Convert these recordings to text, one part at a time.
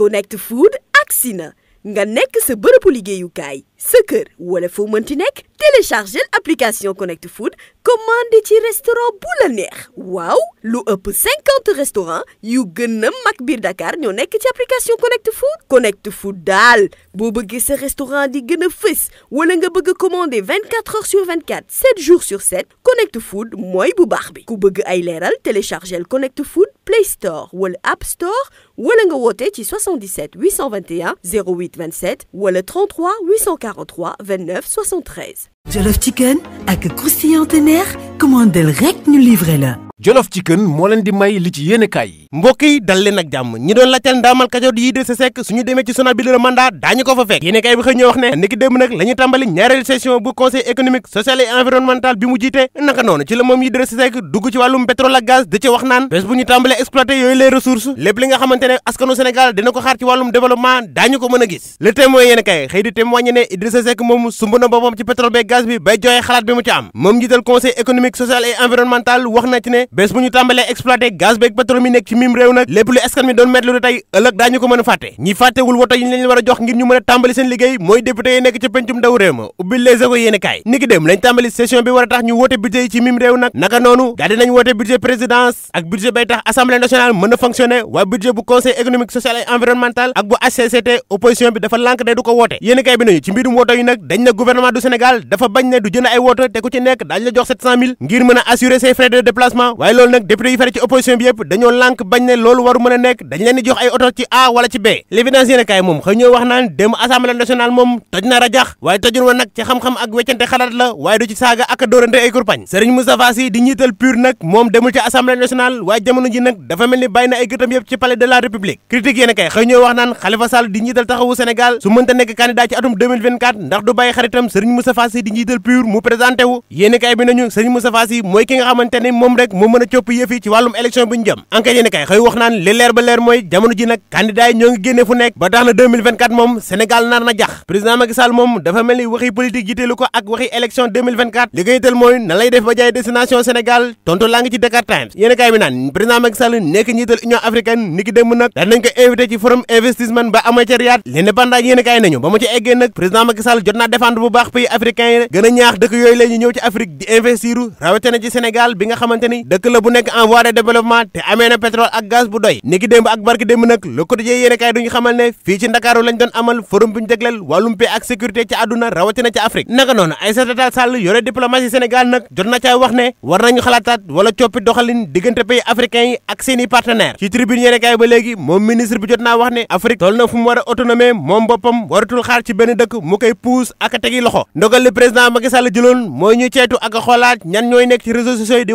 Connect Food agsi na nga nekk sa bërëbu liggéeyukaay sa kër wala foo mënti nekk téléchargel application Connect Food commandé ci restaurant bu la waaw lu ëpp cinquante restaurant yu gën a mag biir Dakar ñoo nekk ci application Connect Food Connect Food daal boo bëggee sa restaurant di gën a fës wala nga bëgg a commandé vingt quatre heures sur vingt quatre sept jours sur sept Connect Food mooy bu baax bi ku bëgg ay leeral téléchargel Connect Food Play Store wala App Store wala nga woote ci 77 821 08 27 wala 33 840 43 29 73. Jollof Chicken ak croustillant teneer commandel rek ñu livre la. Jolof Chicken moo leen di may li ci yéenekaay yi mbokk yi dal leen ak jàmm ñi doon laajteel ndaamal Kajoor di Idrissa Seck suñu demee ci journal bi le mandat daañu ko fa fekk yéenekaay bi xëy ñoo wax ne niki démb nag la tàmbali ñaareelu session bu conseil économique social et environnemental bi mu jiite naka noonu ci la moom Idrissa Seck dugg ci wàllum pétrole ak gaz da wax naan bés bu ñu tàmbalee exploiter yooyu les ressources lépp li nga xamante askanu Sénégal a gis le témoin yéenekaay xëy di témoigné ne Idrissa Seck moom na ne bés bu ñu tàmbalee exploité gaz beeg pétrole mi nekk ci mim réew nag lépp lu askan mi doon mettre lu tey ëllëg daañu ko mën a fàtte ñi fàttewul woto yi a jox ngir ñu mën a nekk ci pencum réew ma nag naka noonu daal dinañ woote budget présidence ak budget bay tax assemblée nationale mën a fonctionner waa budget bu conseil économique social et environnemental ak bu HCCT opposition bi dafa lànk de du ko woote yéene kaay bi nañu ci mbirum woto yi nag dañ ne du waaye loolu nag député yi fare ci opposition bi yëpp dañoo lànk bañ ne loolu waru mën a nekk dañ leen di jox ay oto ci A wala ci B l'évidence yéen kaay moom xëy ñoo wax naan dem assemblée nationale moom toj na rajax waaye tojun wa nag ci xam-xam ak weccante xalaat la waaye du ci saaga ak a dóorante ay kurpañ Serigne Moustapha Sy di njiital PUR nag moom demul ci assemblée nationale waaye jamono ji nag dafa mel ni bàyyi na ay gëtam yëpp ci palais de la république critique yéen kaay xëy ñoo wax naan Khalifa Sall di njiital taxawu Sénégal su mënta nekk ne moom rek mën a copp yëf ci wàllum élection bi ñu jëm enquête xëy wax naan li leer ba leer mooy jamono ji nag candidat ñoo ngi génne fu nekk ba tax na moom Sénégal nar na jax président Macky moom dafa mel ni waxi politique jiteelu ko ak waxi élection li ko yitteel mooy na lay def ba jaay destination Sénégal tontu laa ci Dakar Times yéen kay naan président Macky Sall nekk njiital Union africaine ni ki nag daan ko invité ci forum investissement dëkk bu nekk en voie développement te amee na ak gaz bu doy niki démb ak barki démb nag le quotidien duñu xamal ne fii ci ndakaaru lañ doon amal forum bi ñu dégleel wàllum paix ak sécurité ci àdduna rawatina ci Afrique naka noonu Aïssata Tall Sall yore diplomatie Sénégal nag jot na caa wax ne war nañu xalaataat coppi doxalin diggante pays africains yi ak seeni partenaires ci tribune yéen ba léegi moom ministre bi jot naa wax ne Afrique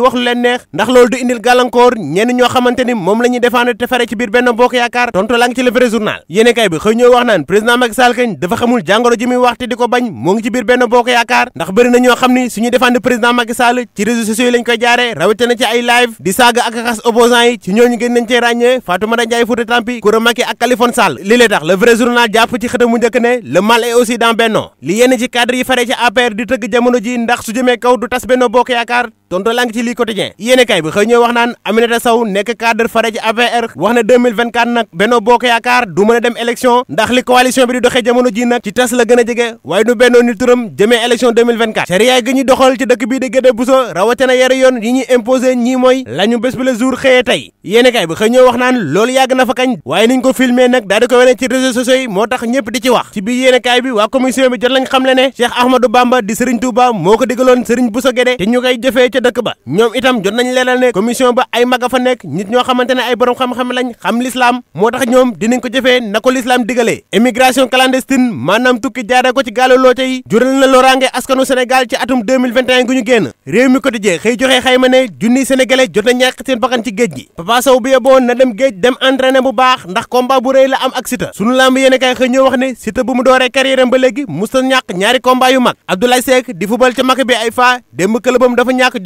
a a a ndax loolu du indil gàllankoor ñenn ñoo xamante ni moom la ñuy défendre te fare ci biir benn bokk yaakaar tontu la ngi ci le vrai journal yéene kay bi xëy ñoo wax naan président Macky Sall kañ dafa xamul jàngoro ji muy di ko bañ moo ngi ci biir benn bokk yaakaar ndax bëri na ñoo xam ni suñuy défendre président Macky Sall ci réseaux sociaux yi lañ koy jaaree rawatina ci ay live di saaga ak xas opposants yi ci ñooñu gën nañ cee ràññee Fatoumata Ndiaye Fouta njëkk ne le aussi dans Benno li yenn ci cadre yi fare ci APR di tëgg jamono su jëmee kaw du tas Bokk Yaakaar tonto lang ci lii quotidien yéene kay bi xëy ñooy wax naan Aminata Sow nekk cadre fare APR wax na 2024 nag Benno Bokk Yaakaar du mën a dem élection ndax li coalition bi di doxee jamono ji nag ci tas la gën a jege waaye nu bennoo ni turam jëmee élection 2024 sariyaay ci dëkk bii di Guédé Bousso rawatina yari yoon yi ñuy imposé ñii mooy la bi la jour xëyee tey yéene kay bi xëy ñooy wax naan loolu yàgg na fa kañ waaye niñ ko filmé nag daal di ko wone wax ci biir yéene kay bi waa commission bi ca dëkk ba ñoom itam jot nañ leeral ne commission ba ay mag a fa nekk nit ñoo xamante ay borom xam-xam lañ xam lislaam moo tax ñoom dinañ ko jëfee na lislaam digalee émigration clandestine maanaam tukki jaaree ko ci gaalu loote yi jural na loraange askanu Sénégal ci atum 2021 ñu génn réew mi quotidien xëy joxe xayma ne junniy sénégalais jot na ñàkk seen ci géej gi Papa bu yeboo na dem géej dem entraîné bu baax ndax combat bu rëy la am ak Siteu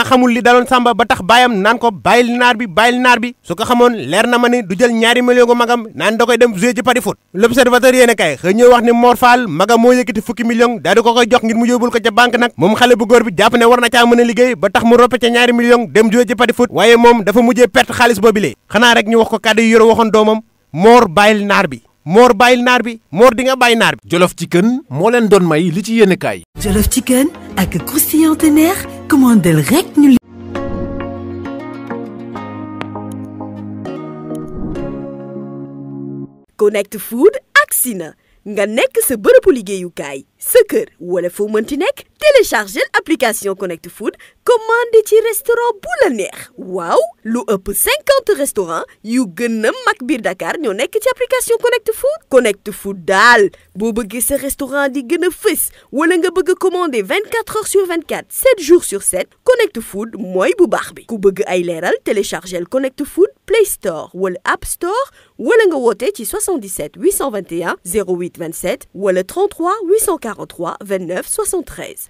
xanaa xamul li daloon Samba ba tax baayam naan ko bàyyil naar bi bàyyil naar bi su ko xamoon leer na ma ni du jël ñaari million gu magam naan da koy dem jouer ci pari foot l'observateur yéen a kay xëy ñëw wax ni Mor Fall magam moo yëkkati fukki million daal di ko koy jox ngir mu yóbbul ko ca banque nag moom xale bu góor bi jàpp ne war na caa mën a liggéey ba tax mu roppe ca ñaari million dem jouer ci pari foot waaye moom dafa mujjee perte xaalis boobilee bi moor bàyyil naar ci kën moo leen doon may li ci yéen kaay jolof ak croustillant te neex commandel rek ñu. Connect Food agsi na nga nekk sa bërëbu liggéeyukaay. sa kër wala foo mënti nekk téléchargel application Connect Food commandé ci restaurant bu la neex waaw lu ëpp cinquante restaurant yu gën a mag biir Dakar ñoo nekk ci application Connect Food Connect Food daal boo bëggee sa restaurant di gën a fës wala nga bëgg a commandé vingt quatre heures sur vingt quatre sept jours sur sept Connect Food mooy bu baax bi ku bëgg ay leeral téléchargel Connect Food Play Store wala App Store wala nga woote ci 77 821 08 27 wala 33 840 43 29 73.